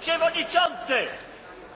przewodniczący!